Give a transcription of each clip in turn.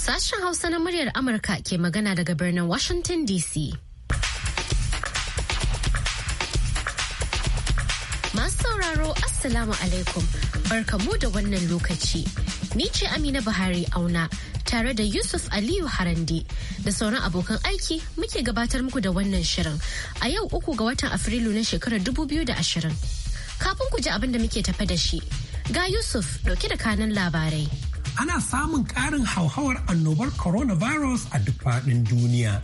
Sashen Hausa na muryar Amurka ke magana daga birnin Washington DC. Masu sauraro Assalamu alaikum barkamu da wannan lokaci. Ni ce Amina Buhari auna tare da Yusuf Aliyu Harande da sauran abokan aiki muke gabatar muku da wannan shirin a yau uku ga watan Afrilu na shekarar 2020. Kafin ku ji abin da muke tafe da shi, ga Yusuf dauke da kanan labarai. ana samun ƙarin hauhawar annobar coronavirus a duk faɗin duniya.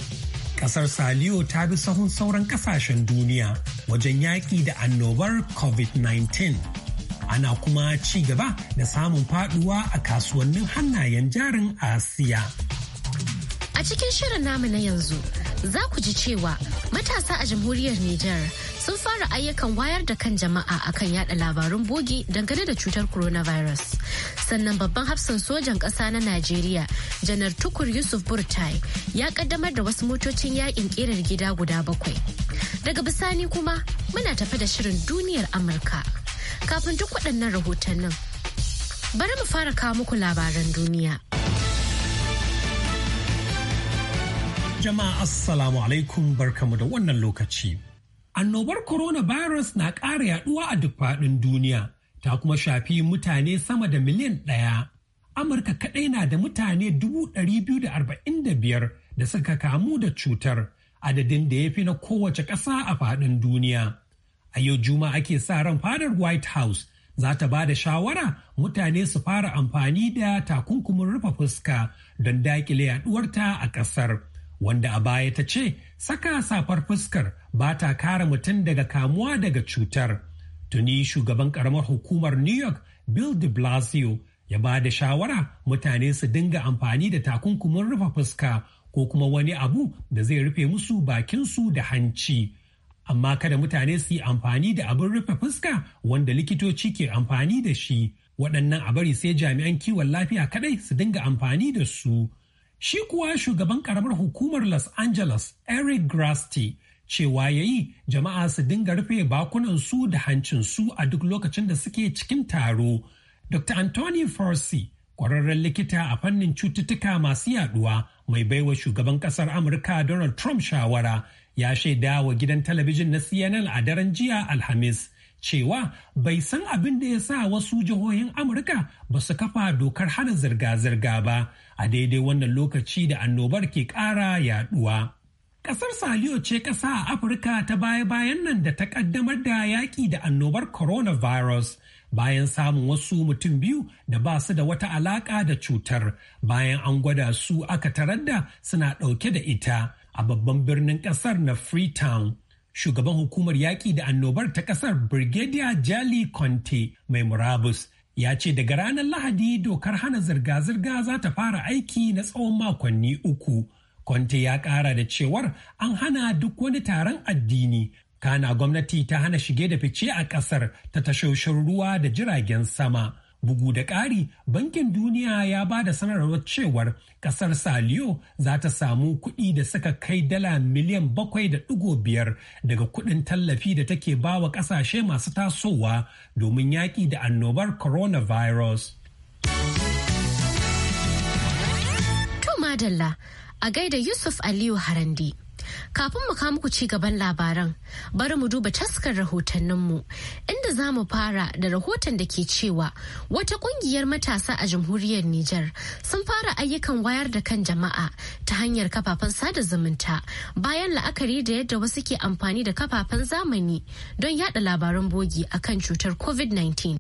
Ƙasar Saliyo ta bi sahun sauran ƙasashen duniya wajen yaƙi da annobar COVID-19. Ana kuma ci gaba da samun faɗuwa a kasuwannin hannayen jarin Asiya. A cikin shirin namu na yanzu, za ku ji cewa matasa a jamhuriyar Nijar sun fara ayyukan wayar da kan jama'a akan yada labarun bogi dangane da cutar coronavirus. Sannan babban hafsan sojan ƙasa na Najeriya, Janar Tukur Yusuf Burtai, ya kaddamar da wasu motocin yakin ƙirar gida guda bakwai. Daga bisani kuma muna tafi da shirin duniyar Amurka. Kafin duk waɗannan rahotannin, bari mu fara kawo muku labaran duniya. Jama'a Assalamu alaikum barkamu da wannan lokaci. Annobar coronavirus na ƙara yaɗuwa a duk faɗin duniya, ta kuma shafi mutane sama da miliyan ɗaya. Amurka kaɗai na da mutane 245 da suka kamu da cutar, adadin da ya fi na kowace ƙasa a faɗin duniya. A yau juma ake sa ran fadar White House za ta ba da shawara mutane su fara amfani da takunkumin rufe fuska don daƙile yaɗuwarta a ƙasar. wanda a baya ta ce saka safar fuskar ba ta kare mutum daga kamuwa daga cutar. Tuni shugaban karamar hukumar New York Bill de Blasio ya ba da shawara mutane su dinga amfani da takunkumin rufe fuska ko kuma wani abu da zai rufe musu bakinsu da hanci. Amma kada mutane su yi amfani da abin rufe fuska wanda likitoci ke amfani da shi. Waɗannan a bari sai jami'an kiwon lafiya kaɗai su dinga amfani da su. Shi kuwa shugaban karamar hukumar Los Angeles, Eric Grasti, cewa ya yi jama'a su dinga rufe su da hancin su a duk lokacin da suke cikin taro. Dr. Anthony Fauci, kwararren likita a fannin cututtuka masu yaduwa mai baiwa shugaban kasar Amurka Donald Trump shawara, ya shaida wa gidan talabijin na CNN a daren jiya Alhamis. cewa bai san abin da ya sa wasu jihohin Amurka ba su kafa dokar hana zirga-zirga ba a daidai wannan lokaci da annobar ke ƙara yaduwa. Kasar Saliyo ce ƙasa a Afirka ta baya-bayan nan da ta ƙaddamar da yaƙi da annobar coronavirus bayan samun wasu mutum biyu da ba su da wata alaƙa da cutar bayan an gwada su aka tarar da suna ɗauke da ita a babban birnin ƙasar na Freetown. shugaban hukumar yaƙi da annobar ta ƙasar Brigadier Jali Conte mai murabus ya ce daga ranar Lahadi dokar hana zirga-zirga za ta fara aiki na tsawon makonni uku. Conte ya ƙara da cewar an hana duk wani taron addini. Kana gwamnati ta hana shige da fice a ƙasar ta tashoshin ruwa da jiragen sama. Bugu da ƙari, Bankin Duniya ya ba da sanarwar cewar ƙasar Saliyo za ta samu kuɗi da suka kai dala miliyan bakwai da ɗigo biyar daga kuɗin tallafi da take ba wa ƙasashe masu tasowa domin yaƙi da annobar coronavirus. To madalla, a gaida Yusuf Aliyu Harandi. Kafin mu kama muku ci gaban labaran, bari mu duba taskar rahotanninmu inda za mu fara da rahoton da ke cewa wata ƙungiyar matasa a jamhuriyar Nijar sun fara ayyukan wayar da kan jama'a ta hanyar kafafen sada zumunta bayan la'akari da yadda wasu ke amfani da kafafen zamani don yada labaran bogi akan cutar COVID-19.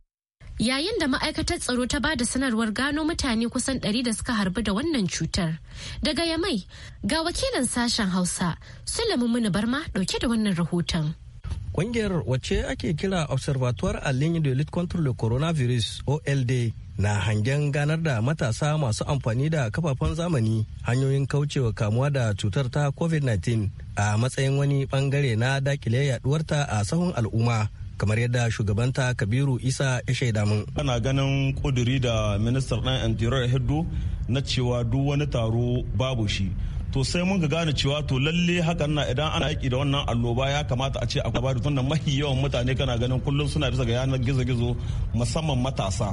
Yayin da ma'aikatar tsaro ta ba da sanarwar gano mutane kusan 100 da suka harbi da wannan cutar. Daga Yamai, ga wakilin sashen Hausa, Sulaimu Muni Barma dauke da wannan rahoton. Kungiyar wacce ake kira Observatoire à ligne de lutte contre le coronavirus OLD na hangen ganar da matasa masu amfani da kafafen zamani hanyoyin kaucewa kamuwa da cutar ta COVID-19 a matsayin wani bangare na dakile yaduwarta a sahun al'umma. kamar yadda shugabanta kabiru isa ya shaida mun ana ganin kuduri da ministar dan interior hiddu na cewa duk wani taro babu shi to sai mun ga gane cewa to lalle hakan na idan ana aiki da wannan alloba ya kamata a ce a gaba da tunda mahi yawan mutane kana ganin kullum suna bisa ga yanar gizo-gizo musamman matasa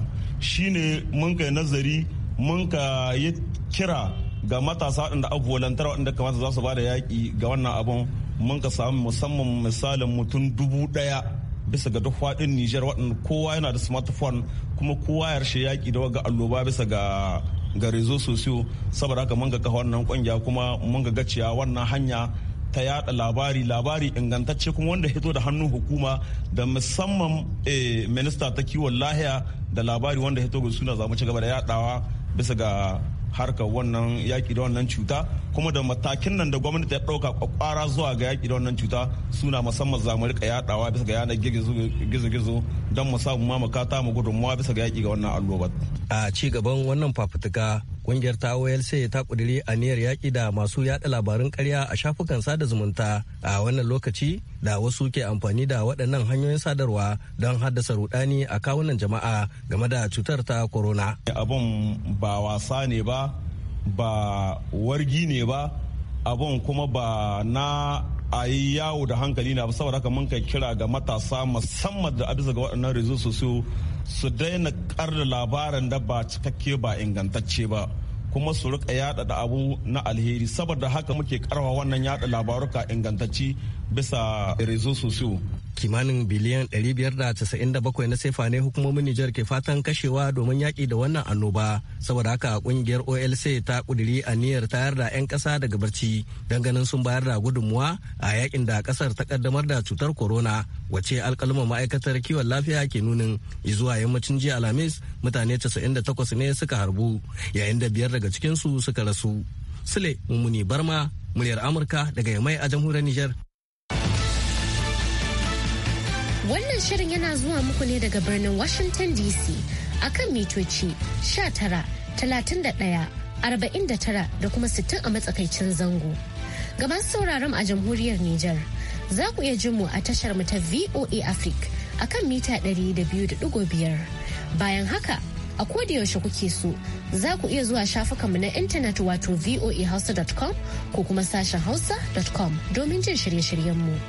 shine mun kai nazari mun ka yi kira ga matasa waɗanda walantar waɗanda kamata za su ba da yaƙi ga wannan abun mun ka samu musamman misalin mutum dubu ɗaya bisa ga duk faɗin Nijar waɗanda kowa yana da smartphone kuma kowa ya rashe yaƙi da waga alloba bisa ga garezo rezo sosiyo saboda haka mun ga kafa wannan kungiya kuma mun ga gaciya wannan hanya ta yada labari labari ingantacce kuma wanda hito da hannun hukuma da musamman eh, minista ta kiwon lahiya da labari wanda hito ga suna zamu ci gaba da yadawa bisa ga harkar wannan yaƙi da wannan cuta kuma da matakin nan da gwamnati ya ɗauka kwakwara zuwa ga yaƙi da wannan cuta suna musamman za mu rika yaɗawa bisa ga yanar gizo-gizo don mu samu ta mu gudunmawa bisa ga yaƙi ga wannan allobar. a ci gaban wannan fafutuka kungiyar ta OLC ta a aniyar yaƙi da masu yaɗa labarun karya a shafukan sada zumunta a wannan lokaci da wasu ke amfani da waɗannan hanyoyin sadarwa don haddasa rudani a kawunan jama'a game da cutar ta corona. Abin ba wasa ne ba, ba wargi ne ba, abin kuma ba na a yi yawo da hankali na saboda haka mun kai kira ga matasa musamman da a bisa ga waɗannan rezo su su daina karda labarin da ba cikakke ba ingantacce ba kuma su rika yada da abu na alheri saboda haka muke karawa wannan yada labaruka ingantacci bisa rezo sosai. kimanin biliyan 597 na sefa ne hukumomin Nijar ke fatan kashewa domin yaƙi da wannan annoba saboda haka kungiyar OLC ta kuduri aniyar tayar da 'yan kasa daga barci don ganin sun bayar da gudunmuwa a yakin da kasar ta kaddamar da cutar corona wace alƙaluma ma'aikatar kiwon lafiya ke nunin zuwa yammacin jiya alhamis mutane 98 ne suka harbu yayin da biyar daga cikinsu suka rasu. Sule Mummuni Barma, muryar Amurka daga Yamai a jamhuriyar Nijar. Wannan shirin yana zuwa muku ne daga birnin Washington DC a kan mitoci 19,31,49 da kuma 60 a matsakaicin zango. Gaban sauraron a jamhuriyar Nijar, za ku iya jin mu a tashar mu ta VOA Africa a kan mita 200.5. Bayan haka, a yaushe kuke so, za ku iya zuwa mu na intanet wato voahausa.com ko kuma sashen hausa.com domin jin shirye-shiryenmu. mu.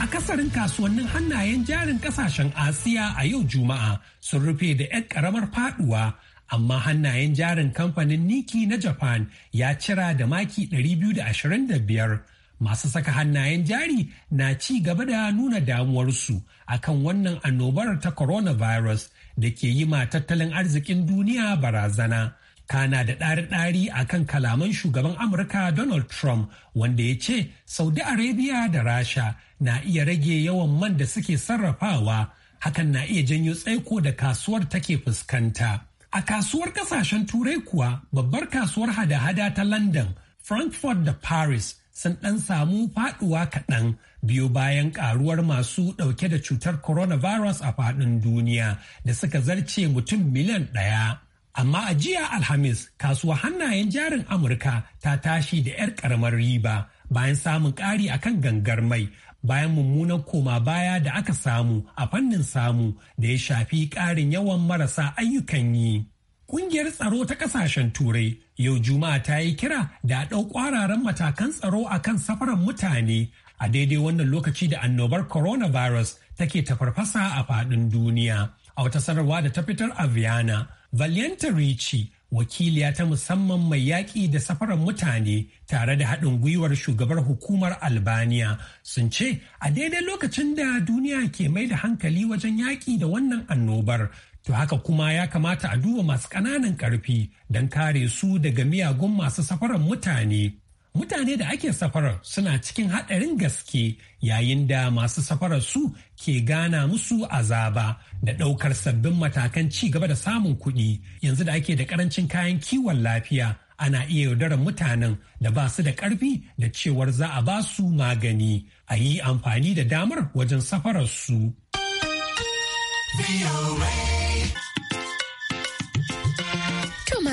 A akasarin kasuwannin hannayen jarin kasashen asiya a yau juma'a sun rufe da 'yan karamar faduwa amma hannayen jarin kamfanin niki na japan ya cira da maki 225 masu saka hannayen jari na ci gaba da nuna damuwarsu akan wannan annobar ta coronavirus da ke yi ma tattalin arzikin duniya barazana kana da ɗari-ɗari a kan kalaman shugaban amurka donald trump wanda ya ce saudi arabia da rasha na iya rage yawan man da suke sarrafawa hakan na iya janyo tsaiko da kasuwar take fuskanta a kasuwar kasashen turai kuwa babbar kasuwar hada-hada ta london frankfurt da paris sun ɗan samu faɗuwa kaɗan biyu bayan ƙaruwar masu ɗauke da cutar coronavirus a faɗin duniya da suka zarce mutum miliyan ɗaya Amma a jiya Alhamis, kasuwa hannayen jarin Amurka ta tashi da 'yar ƙaramar riba bayan samun ƙari a kan gangar mai bayan mummunan koma baya da aka samu a fannin samu da ya shafi ƙarin yawan marasa ayyukan yi. Ƙungiyar tsaro ta ƙasashen Turai yau Juma'a ta yi kira da ɗau ƙwararan matakan tsaro a kan safaran mutane a daidai wannan lokaci da annobar coronavirus take tafarfasa a faɗin duniya. A wata sanarwa da ta fitar a Viana. Valianta Ricci wakiliya ta musamman mai yaƙi da safarar mutane tare da haɗin gwiwar shugabar hukumar Albaniya sun ce a daidai lokacin da duniya ke mai da hankali wajen yaƙi da wannan annobar To haka kuma ya kamata a duba masu ƙananan ƙarfi don kare su daga miyagun masu safarar mutane. mutane da ake safarar suna cikin haɗarin gaske yayin da masu safarar su ke gana musu azaba da ɗaukar sabbin matakan ci gaba da samun kuɗi yanzu da ake da ƙarancin kayan kiwon lafiya ana iya yaudarar mutanen da ba su da ƙarfi da cewar za a ba su magani a yi amfani da damar wajen safararsu.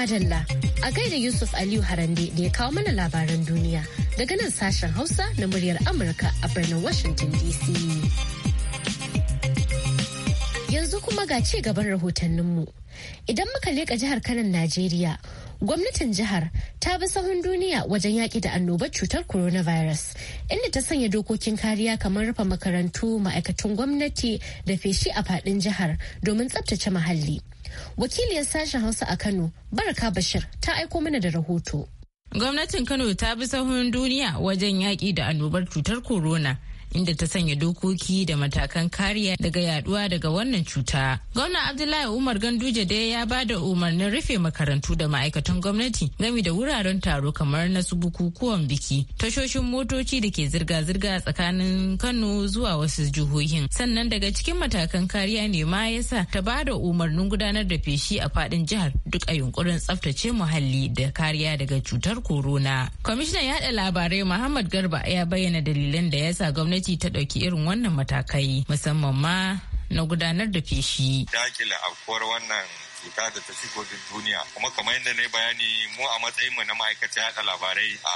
Madalla a gaida Yusuf Aliyu Harande da ya kawo mana labaran duniya daga nan sashen Hausa na muryar Amurka a birnin Washington DC. Yanzu kuma ga ci gaban rahotanninmu. Idan muka leƙa jihar kanan Najeriya, gwamnatin jihar ta bi sahun duniya wajen yaƙi da annobar cutar coronavirus inda ta sanya dokokin kariya kamar rufe makarantu ma'aikatan gwamnati da feshi a faɗin jihar domin tsabtace muhalli. Wakiliyar sashen Hausa a Kano, Baraka Bashir, ta aiko mana da rahoto. Gwamnatin Kano ta bi sahun duniya wajen yaƙi da annobar cutar corona. inda ta sanya dokoki da matakan kariya daga yaduwa daga wannan cuta. Gwamna Abdullahi Umar Ganduje dai ya ba da umarnin rufe makarantu da ma'aikatan gwamnati Gami da wuraren taro kamar na su bukukuwan biki, tashoshin motoci da ke zirga-zirga tsakanin Kano zuwa wasu jihohin. Sannan daga cikin matakan kariya ne ma ya sa ta ba da umarnin gudanar da feshi a fadin jihar duk a yunkurin tsaftace muhalli da kariya daga cutar corona. Kwamishinan yaɗa labarai Muhammad Garba ya bayyana dalilan da ya sa gwamnati gwamnati ta ɗauki irin wannan matakai musamman ma na gudanar da feshi. Dakila afkuwar wannan cuta da ta shigo duk duniya kuma kamar yadda na bayani mu a matsayin mu na ma'aikata yaɗa labarai a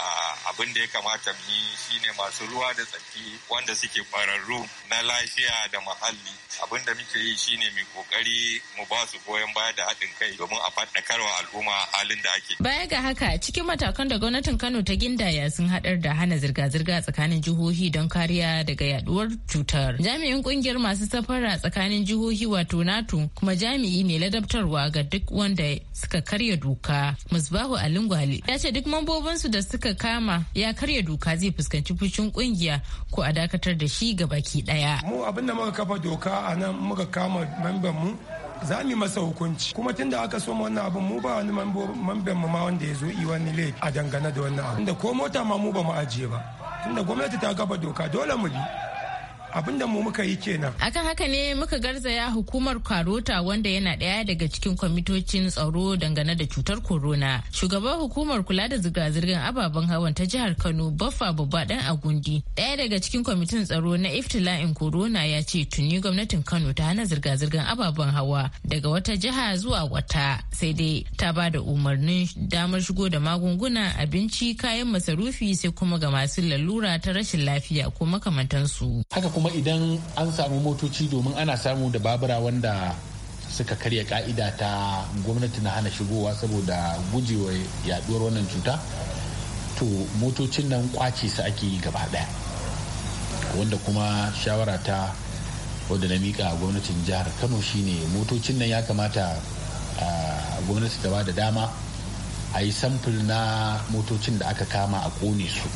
abin da ya kamata mu yi shine masu ruwa da tsaki wanda suke kwararru na lafiya da muhalli abin da muke yi shine mai kokari mu ba su goyon baya da haɗin kai domin a faɗakarwa al'umma halin da ake baya ga haka cikin matakan da gwamnatin Kano ta gindaya sun haɗar da hana zirga-zirga tsakanin jihohi don kariya daga yaduwar cutar jami'in kungiyar masu safara tsakanin jihohi wato NATO kuma jami'i mai ladabtarwa horarwa ga duk wanda suka karya doka musbahu Alingwali ya ce duk mambobinsu da suka kama ya karya doka zai fuskanci fushin kungiya ko a dakatar da shi ga baki daya mu abinda muka kafa doka a nan muka kama mamban mu za mu masa hukunci kuma tun da aka so wannan abin mu ba wani mamban mu ma wanda ya zo yi wani laifi a dangane da wannan abin da ko mota ma mu ba mu ajiye ba tunda gwamnati ta kafa doka dole mu bi Abin da mu muka yi kenan akan haka ne muka garzaya hukumar karota wanda yana ɗaya daga cikin kwamitocin tsaro dangane da cutar corona shugaban hukumar kula da zirga-zirgar ababen hawan ta jihar kano baffa babba dan agundi ɗaya daga cikin kwamitin tsaro na iftila'in corona ya ce tuni gwamnatin kano ta hana zirga-zirgar ababen hawa daga wata jiha zuwa wata sai dai ta ba da umarnin damar shigo da magunguna abinci kayan masarufi sai kuma ga masu lalura ta rashin lafiya ko makamantansu haka kuma kuma idan an samu motoci domin ana samu da babura wanda suka karya ka'ida ta gwamnati na hana shigowa saboda gujewa yaduwar wannan cuta to motocin nan kwace su ake yi gaba daya wanda kuma shawara ta wadda na mika gwamnatin jihar kano shine motocin nan ya kamata gwamnati ta ba da dama a yi samfil na motocin da aka kama a kone su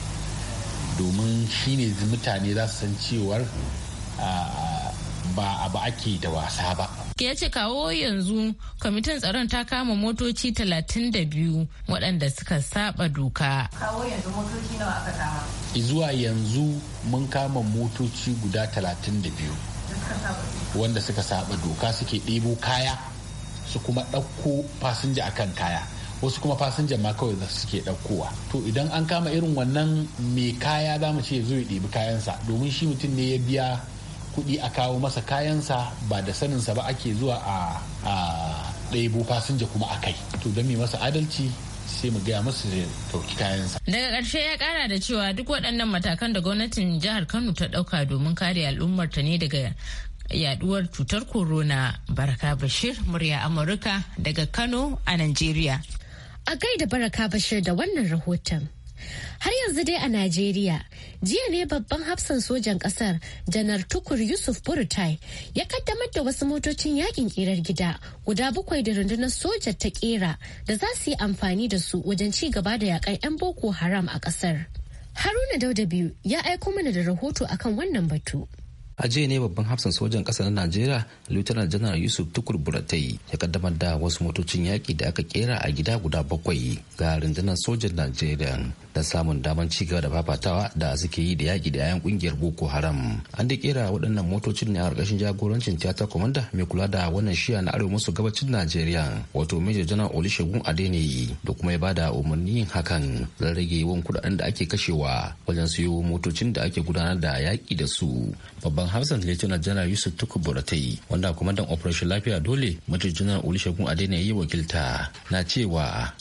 domin shine mutane za su san cewar ba abu ake da wasa ba ya ce kawo yanzu kwamitin tsaron ta kama motoci 32 waɗanda suka saba doka. kawo yanzu motoci nawa aka kama? zuwa yanzu mun kama motoci guda 32 wanda suka saba doka suke ɗebo kaya su kuma ɗauko fasinja akan kaya wasu kuma fasinjan ma kawai suke ɗaukowa to idan an kama irin wannan mai kaya za mu ce zo ya ɗebi kayansa domin shi mutum ne ya biya kuɗi a kawo masa kayansa ba da sanin sa ba ake zuwa a ɗebo fasinja kuma a kai to don mai masa adalci sai mu gaya masu ya ɗauki kayansa. Daga ƙarshe ya kara da cewa duk waɗannan matakan da gwamnatin jihar Kano ta ɗauka domin kare al'ummar ta ne daga yaduwar cutar corona. Baraka Bashir, murya Amurka daga Kano a nigeria. A gaida baraka bashir da wannan rahoton. Har yanzu dai a Najeriya, jiya ne babban hafsan sojan ƙasar janar Tukur Yusuf Burutai ya kaddamar da wasu motocin yakin ƙirar gida guda bakwai da rundunar soja ta ƙera da za su yi amfani da su wajen ci gaba da yakan 'yan Boko Haram a ƙasar. Haruna Dauda biyu ya aiko mana da rahoto akan wannan batu. a jiya ne babban hafsan sojan ƙasa na najeriya lieutenant general yusuf tukur buratai ya kaddamar da wasu motocin yaƙi da aka kera a gida guda bakwai ga rundunar sojan najeriya da samun daman cigaba da fafatawa da suke yi da yaƙi da yayan ƙungiyar boko haram an da kera waɗannan motocin ne a ƙarƙashin jagorancin tiyata komanda mai kula da wannan shiya na arewa maso gabacin najeriya wato major general olusegun adeniyi da kuma ya bada umarnin hakan don rage yawan kuɗaɗen da ake kashewa wajen siyo motocin da ake gudanar da yaƙi da su babban hausan lieutenant janar yusuf tukubura ta yi wanda kuma dan operation lafiya dole major general olusegun adena yi wakilta na cewa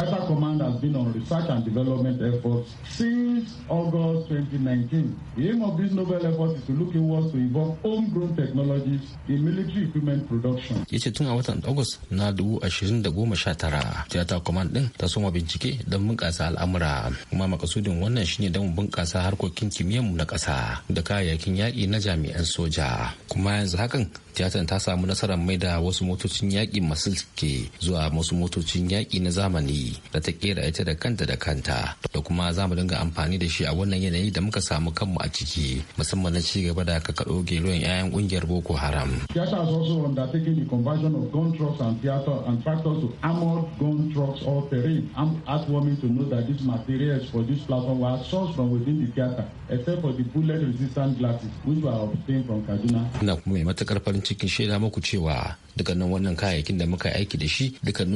ya ce tun a watan august na dubu ashirin da goma sha tara theater command din ta soma bincike don bunƙasa al'amura kuma makasudin wannan shine don bunƙasa harkokin kimiyyar mu na ƙasa da kayayyakin yaƙi na jami'an su soja kuma yanzu hakan tiyatan ta samu nasarar maida wasu motocin yaƙi masu ke zuwa wasu motocin yaƙi na zamani da ta kera ita da kanta da kanta da kuma za mu dinga amfani da shi a wannan yanayi da muka samu kanmu a ciki musamman na ci gaba da kakaɗo geloyin 'ya'yan ƙungiyar boko haram. Theater has also undertaken the conversion of gun trucks and theater and tractors to armored gun trucks all terrain. I'm heartwarming to know that these materials for this platform were sourced from within the theater except for the bullet resistant glasses which were obtained Kaduna. Ina kuma mai matakar farin cikin shaida muku cewa dukkanin wannan kayayyakin da muka aiki da shi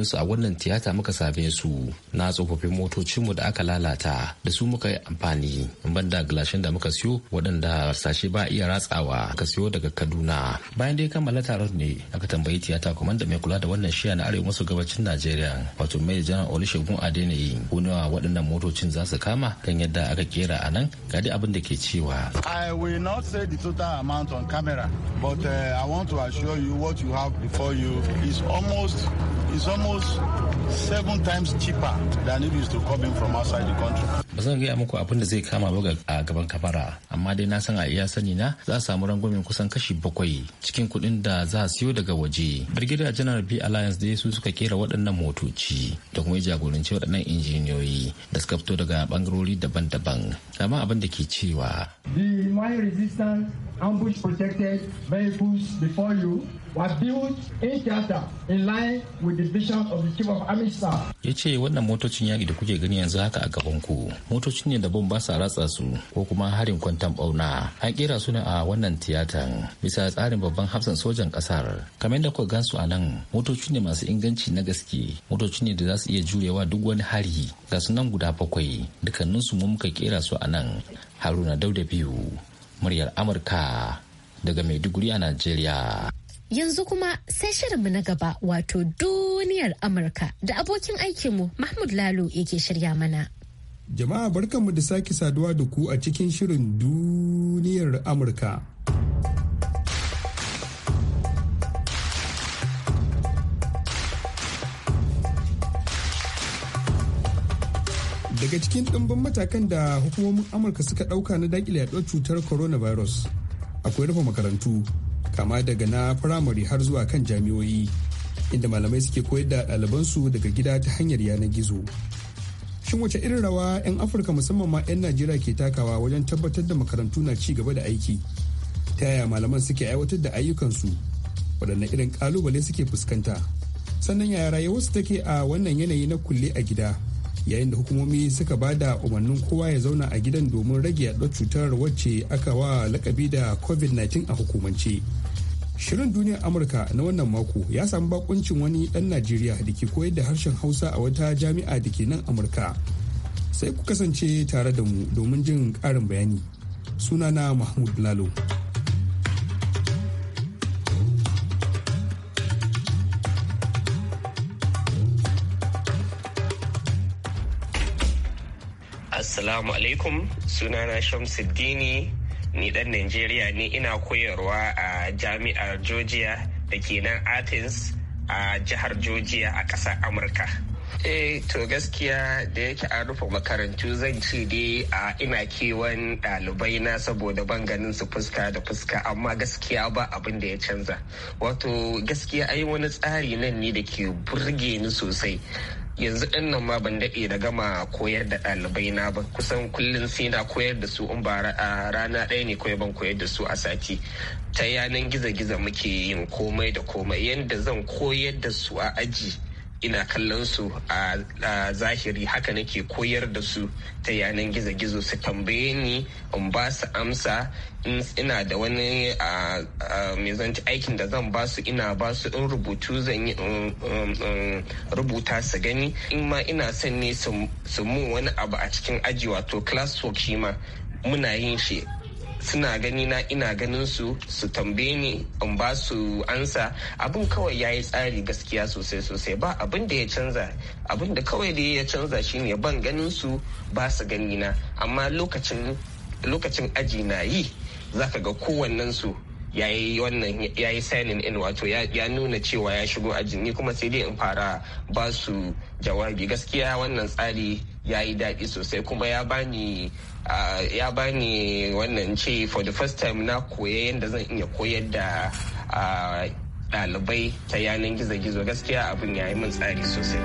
su a wannan tiyata muka same su na tsofaffin motocinmu da aka lalata da su muka yi amfani ban da gilashin da muka siyo waɗanda sashe ba iya ratsawa ka siyo daga kaduna bayan da ya kammala taron ne aka tambayi tiyata kuma da mai kula da wannan shiya na arewa maso gabacin najeriya wato mai janar olusegun adeniyi ko nawa waɗannan motocin za su kama kan yadda aka kera a nan ga abin da ke cewa i will not say the total amount on camera but uh, i want to assure you what you have for you is almost is almost seven times cheaper than it is to come in from outside the country. Ba zan gaya muku abin da zai kama ba a gaban kafara, amma dai na san a iya sani na za a samu rangwamen kusan kashi bakwai cikin kuɗin da za a siyo daga waje. Birgida General B Alliance dai su suka kera waɗannan motoci da kuma jagoranci waɗannan injiniyoyi da suka fito daga bangarori daban-daban. Amma abin da ke cewa. The my resistance ambush protected vehicles before you was built in theater in line with the vision of the chief of army staff. Ya ce wannan motocin yaƙi da kuke gani yanzu haka a gaban ku motocin ne da bomba ba sa ratsa su ko kuma harin kwantan bauna an kera su ne a wannan tiyatan bisa tsarin babban hafsan sojan ƙasar kamar da kuka gansu a nan motocin ne masu inganci na gaske motocin ne da za su iya jurewa duk wani hari ga su nan guda bakwai dukkaninsu mu muka kera su a nan haruna dauda biyu muryar amurka daga maiduguri a najeriya Yanzu kuma sai shirinmu na gaba wato duniyar Amurka da abokin aikinmu Mahmud Lalo yake shirya mana. Jama'a barkanmu da sake saduwa da ku a cikin shirin duniyar Amurka. Daga cikin ɗumbin matakan da hukumomin Amurka suka ɗauka na daƙile yaɗuwar cutar coronavirus akwai rufe makarantu kama daga na firamare har zuwa kan jami'o'i inda malamai suke koyar da ɗalibansu daga gida ta hanyar yanar gizo shin wace irin rawa 'yan afirka musamman ma 'yan najeriya ke takawa wajen tabbatar da makarantu na ci gaba da aiki ta yaya malaman suke aiwatar da ayyukansu waɗanne irin ƙalubale suke fuskanta sannan yaya rayuwarsu take a wannan yanayi na kulle a gida yayin da hukumomi suka ba da umarnin kowa ya zauna a gidan domin rage yaɗuwar cutar wacce aka wa lakabi da covid-19 a hukumance shirin duniyar amurka na wannan mako ya samu bakuncin wani ɗan najeriya da ke koyar da harshen hausa a wata jami'a da ke nan amurka sai ku kasance tare da mu domin jin ƙarin bayani sunana mahmud lalo Assalamu alaikum sunana Shamsuddini ni dan Najeriya ne ina koyarwa a jami'ar Georgia da ke nan Athens a jihar Georgia a ƙasar Amurka. Eh to gaskiya da yake an rufe makarantu zan ce dai a ina kewan ɗalibai na saboda ban ganin su fuska da fuska amma gaskiya ba abin da ya canza. Wato gaskiya ai wani tsari nan ne da ke burge ni sosai. yanzu ɗin nan ma ban daɗe da gama koyar da ɗalibai na ba kusan kullum sai na koyar da su in ba rana ɗaya ne kawai ban koyar da su a sati ta yanan gizo-gizo muke yin komai da komai yadda zan koyar da su a aji ina kallon su a zahiri haka nake koyar da su ta yanan gizo-gizo su tambaye ni in ba su amsa ina da wani zanci aikin da zan ba su ina ba su in rubutu zan yi rubuta su gani in ma ina son ne su mun wani abu a cikin aji wato work shi ma muna yin shi suna gani na ina ganin su su tambaye ni in ba su ansa abin kawai ya yi tsari gaskiya sosai sosai ba abin da ya canza abin da kawai da ya canza shine ban ganin su ba su gani na amma lokacin aji na yi zaka ga kowannen su ya yi wannan ya yi in wato ya nuna cewa ya shigo ajin ni kuma sai dai in fara ba su jawabi gaskiya wannan tsari ya yi daɗi sosai kuma ya bani ya bani wannan ce for the first time na koya yadda zan iya koyar da ɗalibai ta yanar gizo-gizo gaskiya abin ya yi min tsari sosai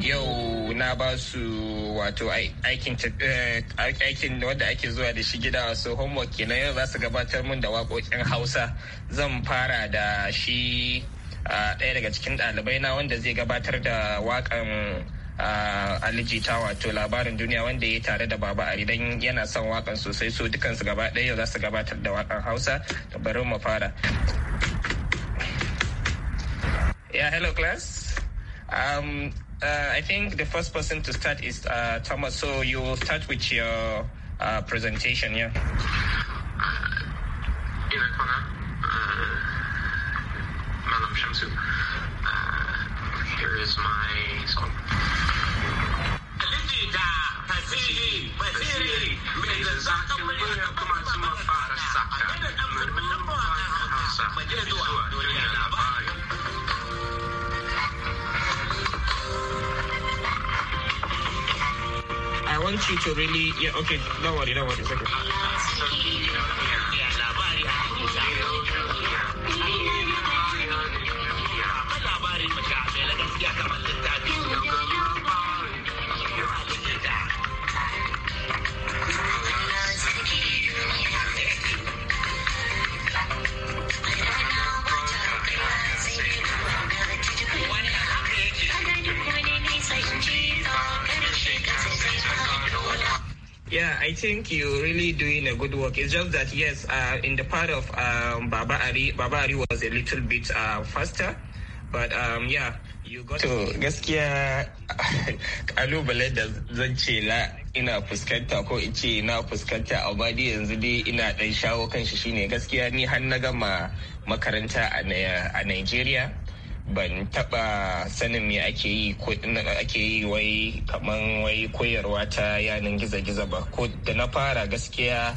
yau na ba su wato eh, aikin wanda ake zuwa da shi gida wasu homework kenan yau za su gabatar min da waƙoƙin hausa zan fara da shi ɗaya daga cikin ɗalibai na wanda zai gabatar da waƙan alijita wato labarin duniya wanda ya tare da baba a idan yana son waƙan sosai so dukansu gaba ɗaya za su gabatar da waƙan hausa da bari mu fara yeah hello class um, uh, i think the first person to start is uh, thomas so you will start with your uh, presentation yeah uh, Shamsu. Uh, here is my song. I want you to really, yeah, okay, don't worry, don't worry, it's okay. Uh, Yeah, I think you're really doing a good work. It's just that, yes, uh, in the part of um, Baba Ari, Baba Ari was a little bit uh, faster. But um, yeah, you got to. gaskiya kalubale da zan ce ina fuskanta ko in ce na fuskanta a badi yanzu dai ina dan shawo kan shi shine gaskiya ni har na gama makaranta a Nigeria. ban taba sanin me ake yi ko ake yi wai kaman wai koyarwa ta yanin gizo-gizo ba ko da na fara gaskiya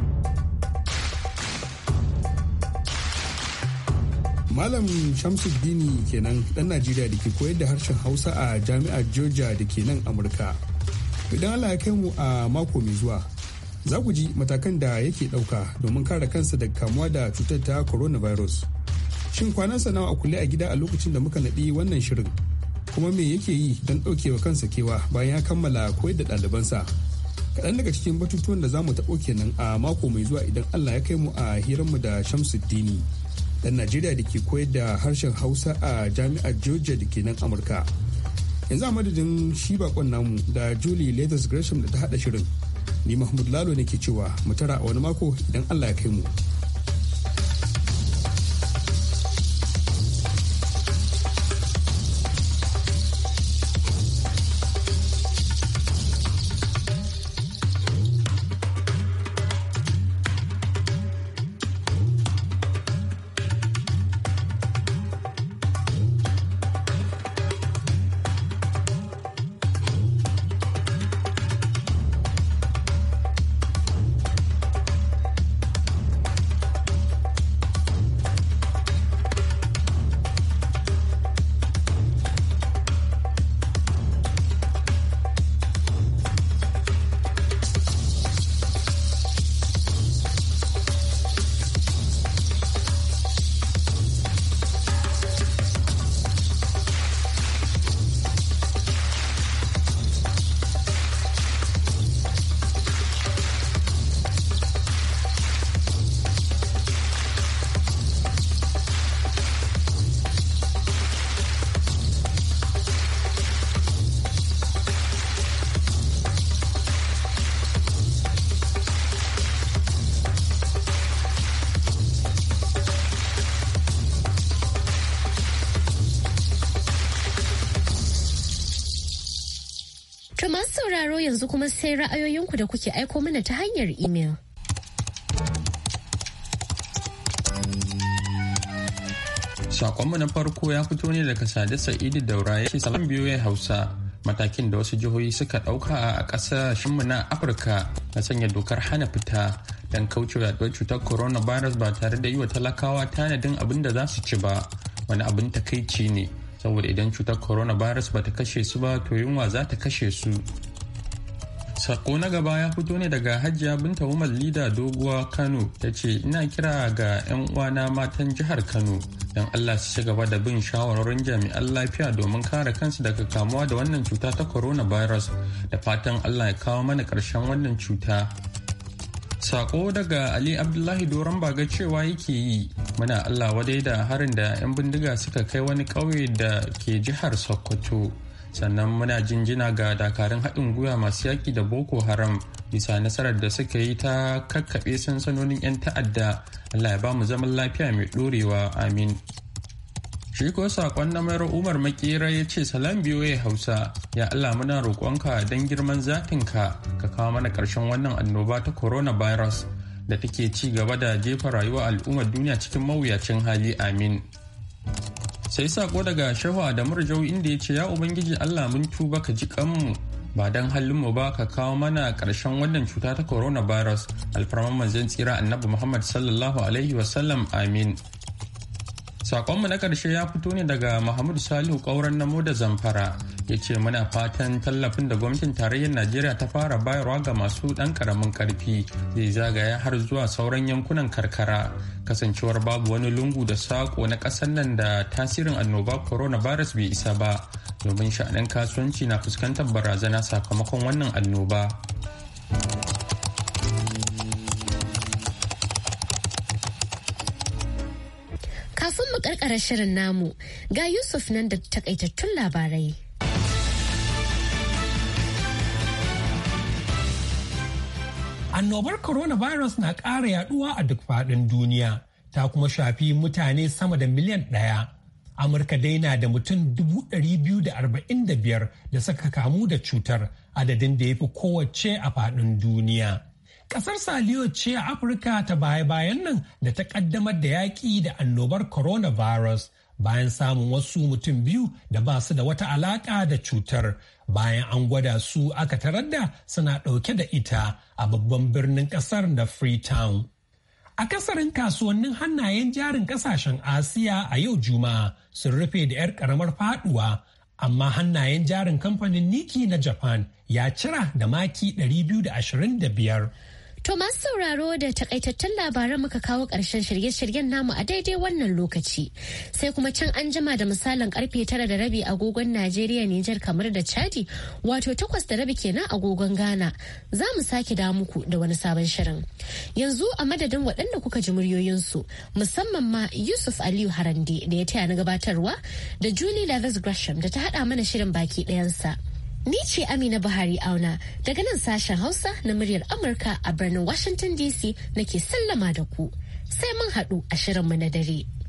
Malam Shamsuddini kenan dan Najeriya da ke koyar da harshen Hausa a jami'ar Georgia da ke nan Amurka. Idan Allah ya kai mu a mako mai zuwa, za ku ji matakan da yake ɗauka domin kare kansa daga kamuwa da cutar ta coronavirus. Shin kwanansa nawa a kulle a gida a lokacin da muka naɗi wannan shirin? Kuma me yake yi don ɗaukewa kansa kewa bayan ya kammala koyar da ɗalibansa? kaɗan daga cikin batutuwan da za mu taɓo kenan a mako mai zuwa idan Allah ya kai mu a hiranmu da Shamsuddini. dan najeriya da ke koyar da harshen hausa a jami'ar georgia da ke nan amurka yanzu a madadin shi bakon namu da julie Leathers gresham da ta haɗa shirin ni mahmud lalo ne ke cewa mu tara a wani mako idan allah ya kai mu. yanzu kuma sai ra'ayoyinku da kuke aiko mana ta hanyar imel. Sakonmu na farko ya fito ne daga Sade Sa'idu Daura ya ce salam biyoyin Hausa matakin da wasu jihohi suka ɗauka a ƙasashenmu na Afirka na sanya dokar hana fita don kauce yaduwar cutar coronavirus ba tare da yi wa talakawa tanadin abin da za su ci ba wani abin takaici ne saboda idan cutar coronavirus ba ta kashe su ba to yunwa za ta kashe su Sako na gaba ya fito ne daga Hajiya Binta Umar Lida Doguwa Kano ta ce ina kira ga 'yan uwana matan jihar Kano don Allah su ci gaba da bin shawarwarin jami'an lafiya domin kare kansu daga kamuwa da wannan cuta ta coronavirus da fatan Allah ya kawo mana karshen wannan cuta. Sako daga Ali Abdullahi Doron Baga cewa yake yi muna Allah wadai da harin da 'yan bindiga suka kai wani ƙauye da ke jihar Sokoto. sannan muna jinjina ga dakarun haɗin gwiwa masu yaƙi da boko haram bisa nasarar da suka yi ta kakkaɓe sansanonin 'yan ta'adda allah ya ba mu zaman lafiya mai ɗorewa amin shi ko saƙon na mayar umar makera ya ce salam ya hausa ya allah muna roƙonka don girman zafinka ka kawo mana ƙarshen wannan annoba ta coronavirus da take ci gaba da jefa rayuwar al'ummar duniya cikin mawuyacin hali amin sai sako daga shafa da murjau inda ya ce ya ubangiji allah mun tuba ka ji kanmu ba don halinmu ba ka kawo mana karshen wannan cuta ta coronavirus alfarman manzan tsira annabi muhammad sallallahu alaihi wasallam amin sakonmu na karshe ya fito ne daga mahmud salihu kauran namo da zamfara ya ce muna fatan tallafin da gwamnatin tarayyar najeriya ta fara bayarwa ga masu ɗan karamin karfi zai zagaya har zuwa sauran yankunan karkara kasancewar babu wani lungu da sako na ƙasar nan da tasirin annoba coronavirus bai isa ba domin sha'anin kasuwanci na fuskantar barazana sakamakon wannan annoba. Kafin mu karkara shirin namu ga Yusuf nan da takaitattun labarai. Annobar coronavirus na ƙara yaduwa a duk faɗin duniya ta kuma shafi mutane sama da miliyan ɗaya. Amurka dai na da mutum 245 da suka kamu da cutar adadin da ya fi kowace a faɗin duniya. Kasar Saliyo ce a Afirka ta baya-bayan nan da ta ƙaddamar da yaƙi da annobar coronavirus bayan samun wasu mutum biyu da ba su da wata alaƙa da cutar bayan an gwada su aka tarar da suna ɗauke da ita a babban birnin ƙasar da freetown a kasarin kasuwannin hannayen jarin ƙasashen asiya a yau juma'a sun rufe da 'yar ƙaramar faɗuwa amma hannayen jarin kamfanin niki na japan ya cira da maki 225 To masu sauraro da takaitattun labaran muka kawo ƙarshen shirye-shiryen namu a daidai wannan lokaci. Sai kuma can an jima da misalin karfe tara da rabi agogon Najeriya Nijar kamar da Chadi wato takwas da rabi kenan agogon Ghana. Za mu sake da muku da wani sabon shirin. Yanzu a madadin waɗanda kuka ji muryoyinsu musamman ma Yusuf Aliyu Harande da ya taya na gabatarwa da Julie Lavis Gresham da ta haɗa mana shirin baki ɗayansa. Ni ce Amina Buhari auna daga nan sashen Hausa na muryar Amurka a birnin Washington DC nake sallama da ku. Sai mun haɗu a shirinmu na dare.